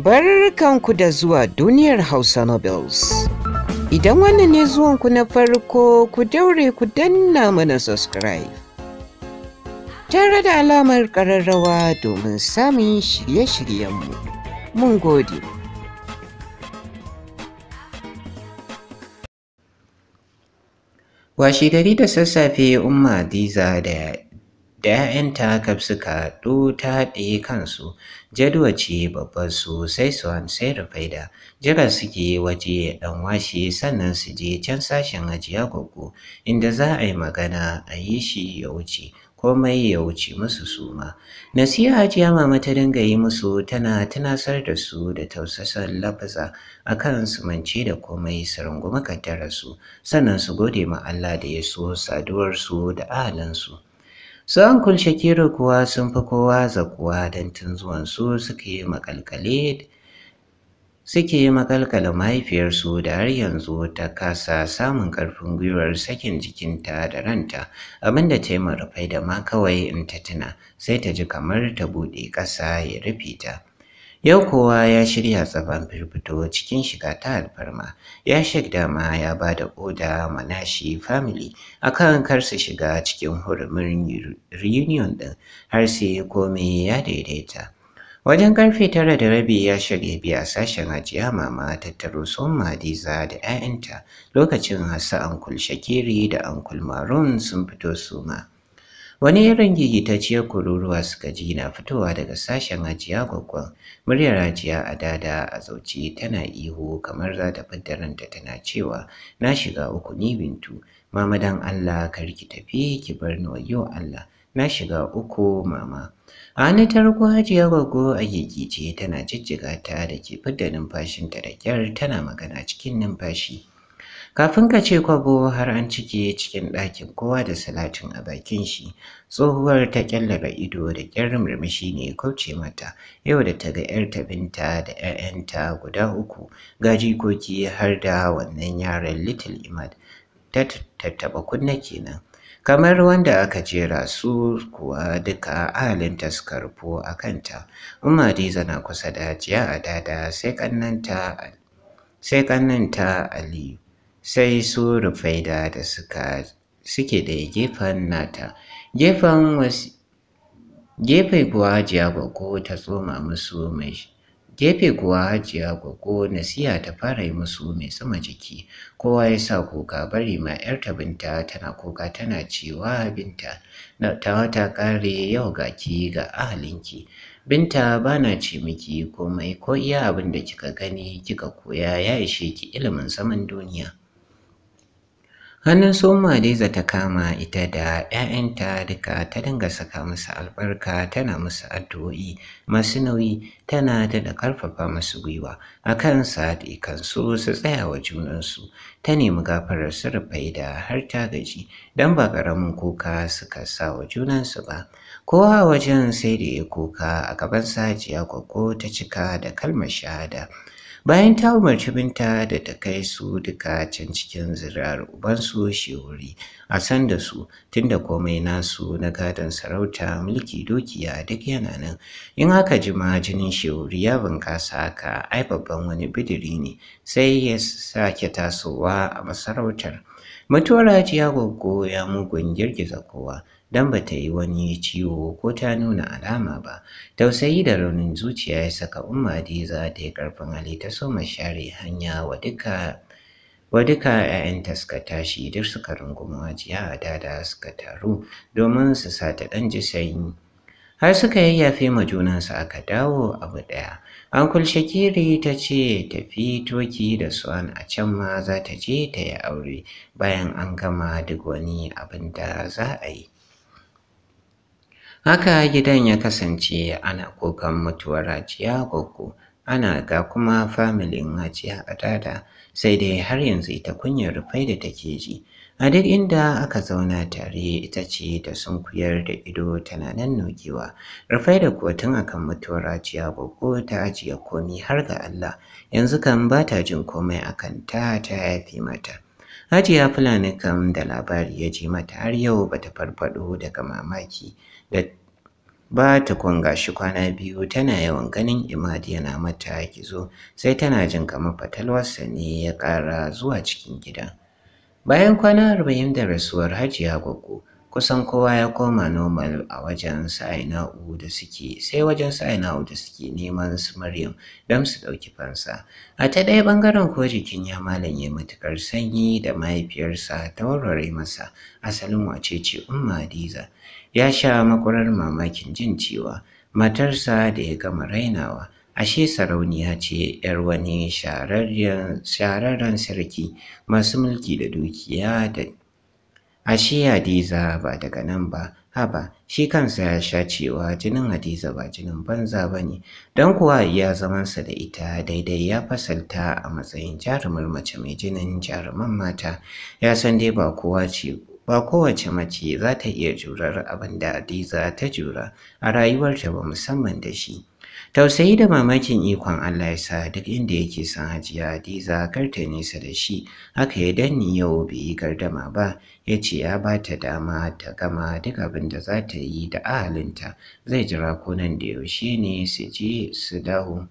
Barkanku da zuwa duniyar Hausa Nobles. Idan wannan ne zuwanku na farko ku daure ku danna mana subscribe. Tare da alamar ƙararrawa domin samun shirye-shiryenmu. Mun gode. Washi gari da sassafe Umma Diza da da 'ya'yanta kaf suka haɗu ta haɗe kansu jadwaci ce babbar su sai suwan sai jira suke waje ɗan washe sannan su je can sashen ajiya gogo inda za a yi magana a yi shi ya wuce komai ya wuce musu suma nasiha hajiya mama ta dinga yi musu tana tunasar da su da tausasan lafaza akan su mance da komai su rungumi kaddarar sannan su gode ma Allah da ya so saduwarsu da ahalinsu. su ankul shakiru kuwa sun fi kowa zakuwa don tun zuwansu suka yi makalkale suke makalkala mahaifiyarsu da har yanzu ta kasa samun ƙarfin gwiwar sakin jikinta da ranta abinda ta yi marufai da ma kawai in ta tuna sai ta ji kamar ta buɗe ƙasa ya rufe ta Yau kowa ya shirya tsaban firfito cikin shiga ta alfarma, ya shaida ma ya ba da oda manashi family akan kar su shiga cikin hurumin reunion ɗin har sai komai ya daidaita. Wajen karfe tara da rabi ya shirya biya sashen hajiya mama tattaro son Madiza da 'ya'yanta lokacin hasa Ankul Shakiri da Uncle Marun sun fito suma. Wani irin gigitacciyar kururuwa suka ji na fitowa daga sashen ajiya gwaggon. Muryar ajiya a dada a zauce tana ihu kamar za ta fidda ranta tana cewa na shiga uku ni bintu. Mama dan Allah kar ki tafi ki bar ni wayo Allah. Na shiga uku mama. A hannun tarko hajiya gwaggo a gigice tana jijjiga ta da ke fidda numfashinta da kyar tana magana cikin numfashi. kafin ka ce kwabo har an cike cikin ɗakin kowa da salatin a bakin shi tsohuwar ta kyallara ido da kyar murmushi ne kauce mata yau da ta ga yar binta da 'ya'yanta guda uku ga jikoki har da wannan yaran little imad ta tattaba kunna kenan kamar wanda aka jera su kuwa duka ahalinta suka rufo a kanta umma dai na kusa da jiya a dada sai kannanta aliyu sai su rufaida da suka suke da gefen nata gefen wasu gefe kuwa hajiya gwaggo ta tsoma musu mai gefe kuwa hajiya gwaggo nasiya ta fara yi musu mai sama jiki kowa ya sa kuka bari ma yar ta binta tana kuka tana cewa binta ta wata kare yau ga ki ga ahalinki binta bana ce miki komai ko iya abin da kika gani kika koya ya ishe ki ilimin saman duniya hannun sun madiza ta kama ita da 'ya'yanta duka ta dinga saka musu albarka tana musu addu'o'i masu nauyi tana da karfafa masu gwiwa a kan sa'adi kansu su tsaya wa junansu ta nemi gafarar su da har ta gaji don ba ƙaramin kuka suka sa wa junansu ba kowa wajen sai da ya kuka a gaban sajiya gwaggo ta cika da kalmar shahada bayan ta umarci binta da ta kai su duka can cikin zirar ubansu shi wuri a san da su tunda komai nasu na gadon sarauta mulki dukiya duk yana nan in aka jima jinin shi wuri ya bunkasa haka ai babban wani bidiri ne sai ya sake tasowa a masarautar mutuwar ya goggo ya mugun girgiza kowa don ba ta yi wani ciwo ko ta nuna alama ba tausayi da raunin zuciya ya saka umma za ta yi karfin hali ta soma share hanya wa duka wa duka 'ya'yanta suka tashi duk suka rungumi wajiya a dada suka taru domin su sa ta ɗan ji sanyi har suka yayyafe ma junansu aka dawo abu ɗaya An kulshe kiri ta ce tafi toki da Suwan a can ma za ta je ta yi aure bayan an gama duk wani abin da za a yi. Haka gidan ya kasance ana kukan mutuwar Hajiya Goggo, ana ga kuma familin Hajiya adada sai dai har yanzu ita kunyar rufai da take ji. A duk inda aka zauna tare ita ce sun sunkuyar da ido tana nan nokewa. Rufai da kuwa tun akan mutuwar Hajiya Goggo ta ajiye komi har ga Allah, yanzu kan ba ta jin komai akan ta ta yafe mata. Hajiya Fulani kam da labari ya ji mata har yau ba ta farfaɗo daga mamaki da ba ta kunga shi kwana biyu tana yawan ganin Imad yana mata ki zo, sai tana jin kamar fatalwarsa ne ya ƙara zuwa cikin gidan. Bayan kwana arba'in da rasuwar Hajiya Gwaggo, kusan kowa ya koma normal a wajen sa'ina'u da suke sai wajen sa'ina'u da suke neman su maryam don su ɗauki fansa a ta ɗaya ɓangaren ko jikin ya malam ya matuƙar sanyi da mahaifiyarsa ta warware masa asalin wace ce umma hadiza ya sha makurar mamakin jin cewa matarsa da ya gama rainawa ashe sarauniya ce ‘yar wani shararren sarki masu mulki da dukiya da Ashi hadiza ba daga nan ba haba shi kansa ya sha cewa jinin hadiza ba jinin banza ba ne don kuwa ya zamansa da ita daidai ya fasalta a matsayin jarumar mace mai jinin jaruman mata ya san dai ba kowa ce ba kowace mace za ta iya jurar abin da hadiza ta jura a rayuwarta ba musamman da shi Tausayi da mamakin ikon Allah ya sa duk inda yake son Hajiya Hadiza kar ta nisa da shi, haka ya danni yau bai yi gardama ba, ya ce ya ba ta dama ta gama duk abin da za ta yi da ahalinta, zai jira ko nan da yaushe ne su je su dawo.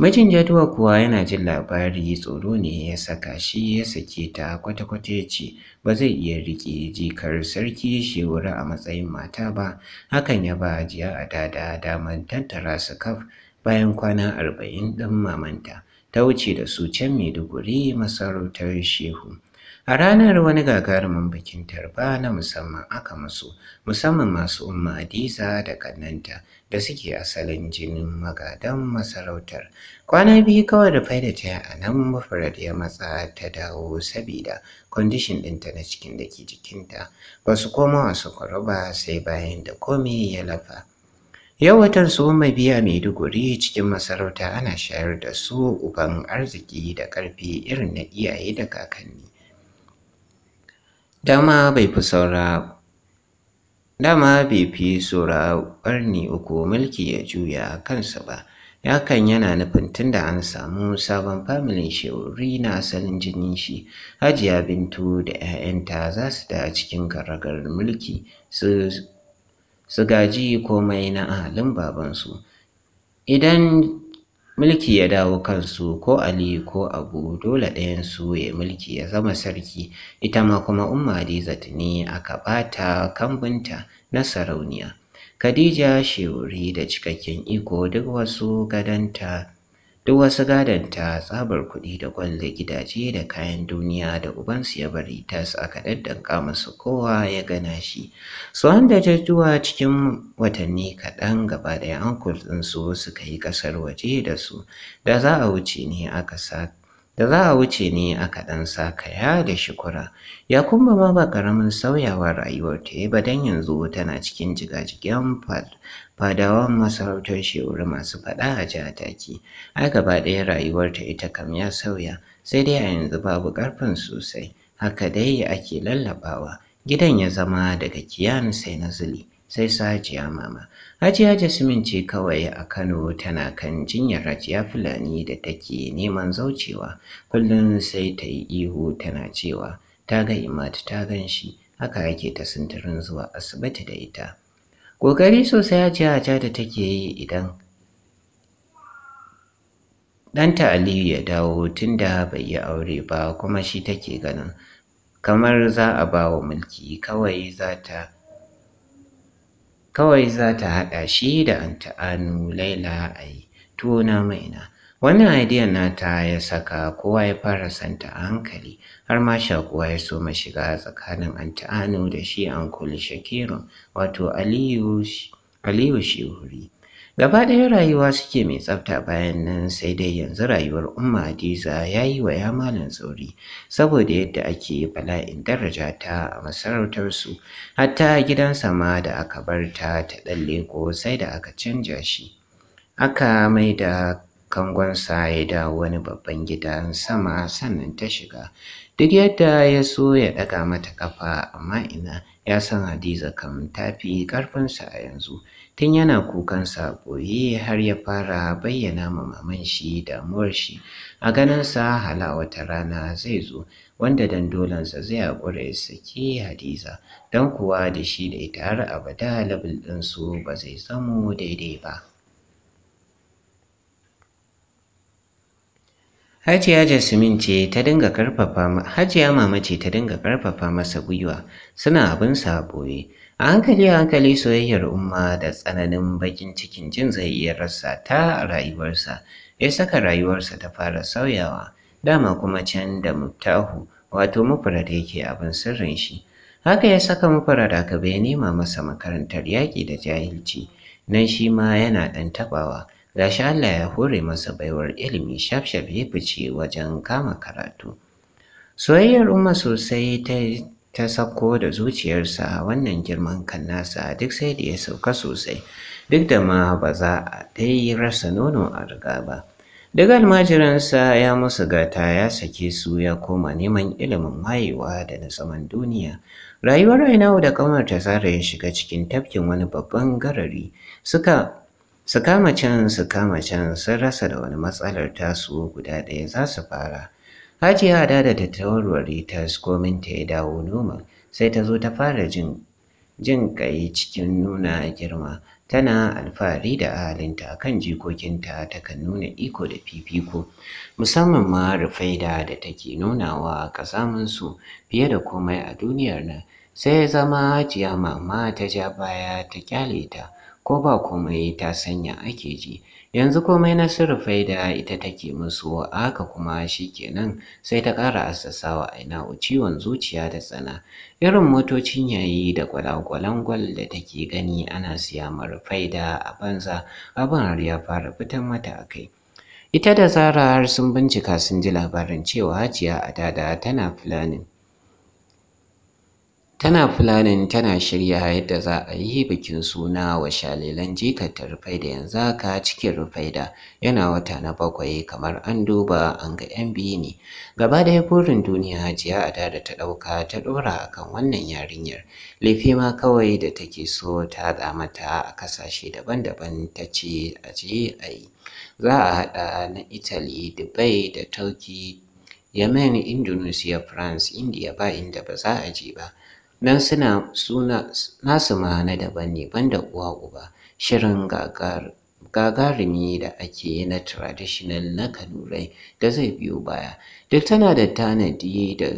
Mijin Jaduwa kuwa yana jin labari tsoro ne ya saka shi ya sake ta kwata-kwata ya ce ba zai iya riƙe jikar sarki shewura a matsayin mata ba, hakan ya ba jiya a dada damar tattara su kaf bayan kwana arba'in ɗin mamanta ta wuce da su can Maiduguri masarautar Shehu A ranar wani gagarumin bikin tarba na musamman aka musu, musamman masu umma Hadiza da kannanta da suke asalin jinin magadan masarautar. Kwana biyu kawai da faida ta a nan mafarar ya matsa ta dawo sabida kwandishin ɗinta na cikin da ke jikinta ba su koma wasu ba sai bayan da komi ya lafa. Yau watan su mai biya Maiduguri cikin masarauta ana shayar da su uban arziki da ƙarfi irin na iyaye da kakanni. dama bai fi saura dama bai fi saura ne uku mulki ya juya kansa ba Yakan yana nufin tun da an samu sabon familin sheuri na asalin jinin shi hajiya bintu da 'ya'yanta za su da cikin karagar mulki su gaji komai na ahalin babansu idan mulki ya dawo kansu ko Ali ko Abu dole ɗayan su ya mulki ya zama sarki ita ma kuma Umma Hadiza ne aka bata kambunta na sarauniya Khadija Shewuri da cikakken iko duk wasu gadanta duk wasu gadon ta tsabar kuɗi da gwalle gidaje da kayan duniya da ubansu ya bari tas aka daddanka musu kowa ya gana shi su da jajjuwa cikin watanni kaɗan gaba ɗaya ankul su suka yi ƙasar waje da su da za a wuce ne aka sa da za a wuce ne a kaɗan sa kaya da shukura. Yakumba ma ba ƙaramin sauyawar rayuwar ta ba dan yanzu tana cikin jigajigen fadawan masarautar shewar masu faɗa a jihar taki. A gaba ɗaya rayuwar ta ita kam ya sauya sai dai a yanzu babu ƙarfin sosai. Haka dai ake lallaɓawa. Gidan ya zama daga kiyan sai na zuli. sai su hajiya mama hajiya jasmin ce kawai a kano tana kan jinyar rajiya fulani da take neman zaucewa kullum sai ta yi ihu tana cewa ta ga imat ta gan shi haka yake ta sintirin zuwa asibiti da ita ƙoƙari sosai hajiya da take yi idan ɗanta Aliyu ya dawo tunda bai yi aure ba kuma shi take ganin kamar za a ba wa mulki kawai za ta kawai za ta haɗa shi da anta'anu laila a yi tuwo na maina wannan na nata ya saka kowa ya fara santa a hankali har ma sha kowa ya so shiga tsakanin anta'anu da shi ankul shakirun wato aliyu aliyu shehuri gaba ɗaya rayuwa suke mai tsafta bayan nan sai dai yanzu rayuwar umma hadiza ya yi wa yamalin tsauri saboda yadda ake bala'in daraja ta a masarautar su, hatta gidan sama da aka bar ta ta ɗalle ko sai da aka canja shi aka mai da kangonsa ya dawo wani babban gidan sama sannan ta shiga duk yadda ya so ya ɗaga mata kafa amma ina ya san hadiza kam ta fi ƙarfinsa a yanzu tun yana kukansa ɓoye har ya fara bayyana ma maman shi damuwar shi a ganin sa hala wata rana zai zo wanda dandolansa zai haƙura ya saki hadiza don kuwa da shi da ita har abada labul ɗinsu ba zai zamo daidai ba Hajiya Jasmin ce ta dinga karfafa Hajiya Mama ce ta dinga ƙarfafa masa gwiwa suna abin sa ɓoye A hankali a hankali soyayyar umma da tsananin bakin cikin jin zai iya rasa ta rayuwarsa ya saka rayuwarsa ta fara sauyawa dama kuma can da mutahu wato mufrad yake abin sirrin shi. Haka ya saka da aka bai nema masa makarantar yaƙi da jahilci nan shi ma yana ɗan taɓawa. Gashi Allah ya hore masa baiwar ilimi shaf-shaf ya fice wajen kama karatu. Soyayyar umma sosai ta ta sako da zuciyarsa wannan girman kan nasa duk sai da ya sauka sosai duk da ma ba za a dai rasa nono a riga ba duk almajiransa ya musu gata ya sake su ya koma neman ilimin wayewa da na zaman duniya rayuwar rainau da kamar ta tsara ya shiga cikin tafkin wani babban garari suka su kama can su kama can sun rasa da wani matsalar tasu guda ɗaya za su fara Hajiya da da ta warware ta komin ta ya dawo noma sai ta zo ta fara jin jin kai cikin nuna girma tana alfahari da halinta kan jikokinta ta kan nuna iko da fifiko musamman ma rufaida da take nunawa su fiye da komai a duniyar nan sai zama hajiya mama ta ja baya ta kyale ta ko ba komai ta sanya ake ji yanzu komai na sirrufai da ita take musu haka kuma shi kenan sai ta ƙara assasawa ina ciwon zuciya da tsana irin motocin yayi da gwalagwalan gwal da take gani ana siya marufai da a banza abin har ya fara fitan mata a kai ita da zara har sun bincika sun ji labarin cewa hajiya dada tana planning tana fulanin tana shirya yadda za a yi bikin suna wa shalilan rufai rufaida yanzu haka cikin rufaida yana wata na bakwai kamar an duba an ga yan biyu ne gaba ɗaya burin duniya jiya a da ta ɗauka ta ɗora akan wannan yarinyar laifi ma kawai da take so ta haɗa mata a kasashe daban-daban ta ce a je a yi za a haɗa na italy dubai da turkey yemen indonesia france india ba inda ba za a je ba don suna suna nasu ma na daban ne banda uwa uba shirin gagarumi da ake yi na traditional na kanurai da zai biyo baya duk tana da tanadi da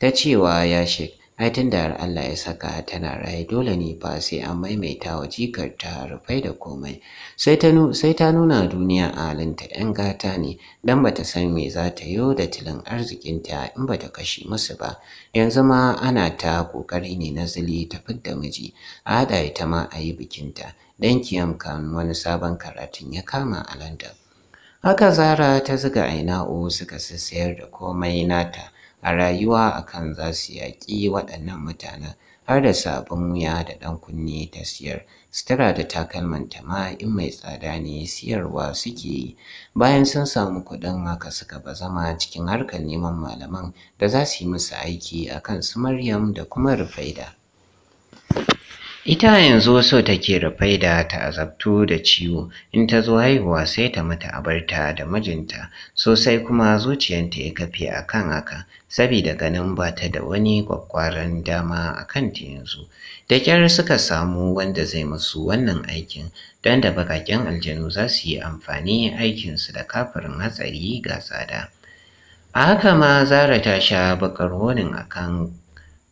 ta cewa ya shek ai da Allah ya saka tana raye dole ne fa sai an maimaita wa jikar ta rufai da komai sai ta nuna duniya halinta yan gata ne dan ta san me za ta yi da tilin arzikinta in ba ta kashe musu ba yanzu ma ana ta kokari ne na zili ta fidda miji a haɗa ita ma a yi bikinta dan kiyam kan wani sabon karatun ya kama a London haka Zara ta zuga Aina'u suka sayar da komai nata a rayuwa akan za su yaƙi waɗannan mutanen har da sabon wuya da ɗan kunne ta siyar sutura da takalman ta ma in mai tsada ne siyarwa suke yi bayan sun samu kuɗin haka suka zama cikin harkar neman malaman da za su yi musu aiki akan su Maryam da kuma Rufaida. Ita yanzu so take faida ta azabtu da ciwo, in ta zo haihuwa sai ta mata abarta da mijinta, sosai kuma zuciyanta ya kafe a kan haka, saboda ganin ba ta da wani kwakwaran dama a kanta yanzu. Da kyar suka samu wanda zai musu wannan aikin, don da bakaken aljanu za su yi amfani aikin su da kafirin hatsari ga tsada. A haka ma Zara ta sha bakar wonin akan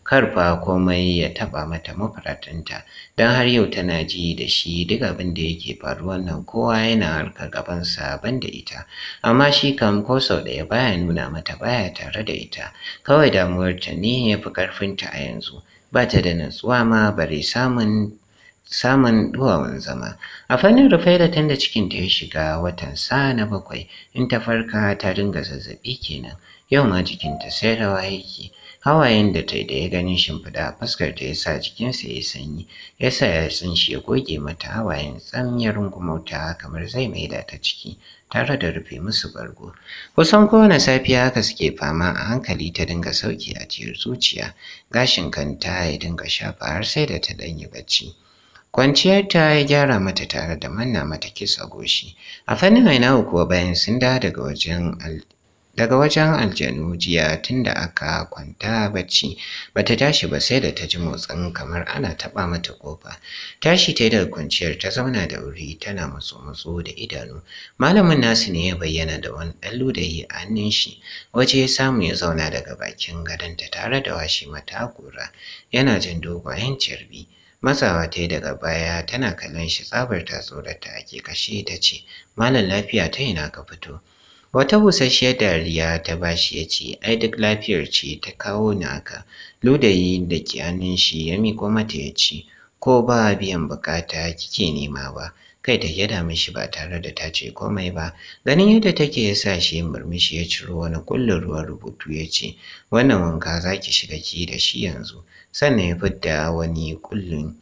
kar fa komai ya taba mata mafaratinta don har yau tana ji da shi duk abin da yake faruwa nan kowa yana harka gaban ban da ita amma shi kam ko sau ɗaya baya nuna mata baya tare da ita kawai damuwarta ne ya fi ta a yanzu ba ta da natsuwa ma bare samun samun duwawan zama a fannin da tunda cikin ta ya shiga watan sa na bakwai in ta farka ta dinga zazzabi kenan yau ma jikinta sai rawa yake hawayen da ta yi da ya ganin shimfiɗa a fuskar ta yasa jikinsa ya sanyi ya sa ya tsinci ya goge mata hawayen tsam ya rungumauta kamar zai mai da ta ciki tare da rufe musu bargo kusan kowane safiya haka suke fama a hankali ta dinga sauki a jiyar zuciya gashin kanta ya dinga shafa har sai da ta danyi bacci kwanciyar ta ya gyara mata tare da manna mata kisa goshi a fannin nawu kuwa bayan sun dawo daga wajen daga wajen aljanu jiya tunda aka kwanta bacci bata tashi ba sai da ta ji motsin kamar ana taɓa mata kofa tashi ta daga kwanciyar ta zauna da wuri tana matso matso da idanu malamin nasu ne ya bayyana da wani ɗan ludayi a hannun shi waje ya samu ya zauna daga bakin gadonta tare da washe mata kura yana jin dogayen cirbi matsawa ta daga baya tana kallon shi tsabar ta tsorata ake kashe ta ce malam lafiya ta ina ka fito Wata busasshiyar dariya ta bashi ya ce, ai duk lafiyar ce ta kawo ni haka. Ludayi da ke shi ya miko mata ya ce, ko ba biyan bukata kike nema ba. Kai ta gyada mishi ba tare da ta ce komai ba. Ganin yadda take ya sa shi murmushi ya ciro wani kullun ruwan rubutu ya ce, wannan wanka za ki shiga ki da shi yanzu. Sannan ya fidda wani kullun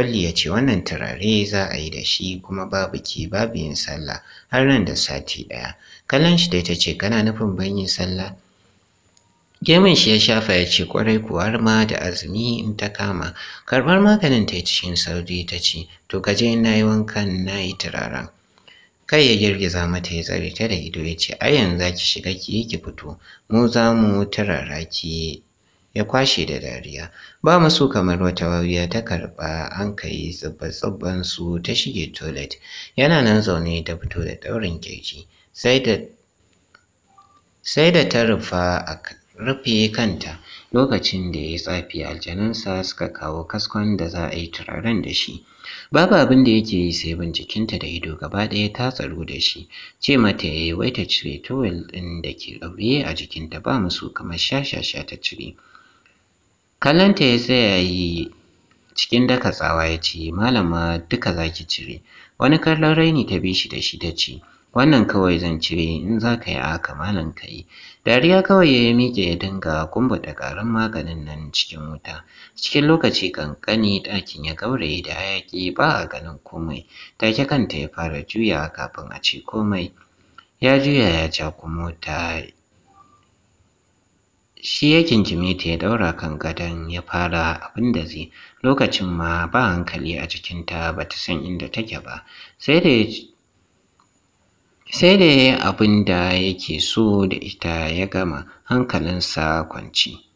Kulli ya ce wannan turare za a yi da shi kuma babu ke babu yin sallah har nan da sati ɗaya. Kallon shi da ta ce kana nufin ban yin sallah? Gemin shi ya shafa ya ce kwarai kuwa har ma da azumi in ta kama. Karɓar maganin ta yi cikin sauri ta ce to gaje na yi wankan na yi turaren. Kai ya girgiza mata ya tsare ta da ido ya ce ai yanzu za ki shiga ki yi ki fito mu za mu turara ki ya kwashe da dariya ba mu so kamar wata wawiya ta karba. an kai tsubban su ta shige toilet yana nan zaune ta fito da ɗaurin keji sai da ta rufa a rufe kanta lokacin da ya tsafi aljanunsa suka kawo kaskon da za a yi turaren da shi babu abin da yake yi sai bincikinta da ido gaba ɗaya ta tsaro da shi ce mata ya yi wai ta cire towel ɗin da ke ɗauye a jikinta ba mu so kamar shashasha ta cire Kallon Kallonta ya tsaya yi cikin daka tsawa ya ce, Malama duka za ki cire. Wani kallon raini ta bi shi da shi ta ce, Wannan kawai zan cire in za ka yi aka malam ka yi. Dariya kawai ya miƙe ya dinga da ƙarin maganin nan cikin wuta. Cikin lokaci ƙanƙani ɗakin ya gauraye da hayaƙi ba a ganin komai. Take kanta ya fara juya kafin a ce komai. Ya juya ya ja kuma ta shi ya jinjime ta ya ɗaura kan gadon ya fara abin da zai lokacin ma ba hankali a cikinta ba ta san inda take ba sai da sai da abin da yake so da ita ya gama hankalinsa kwanci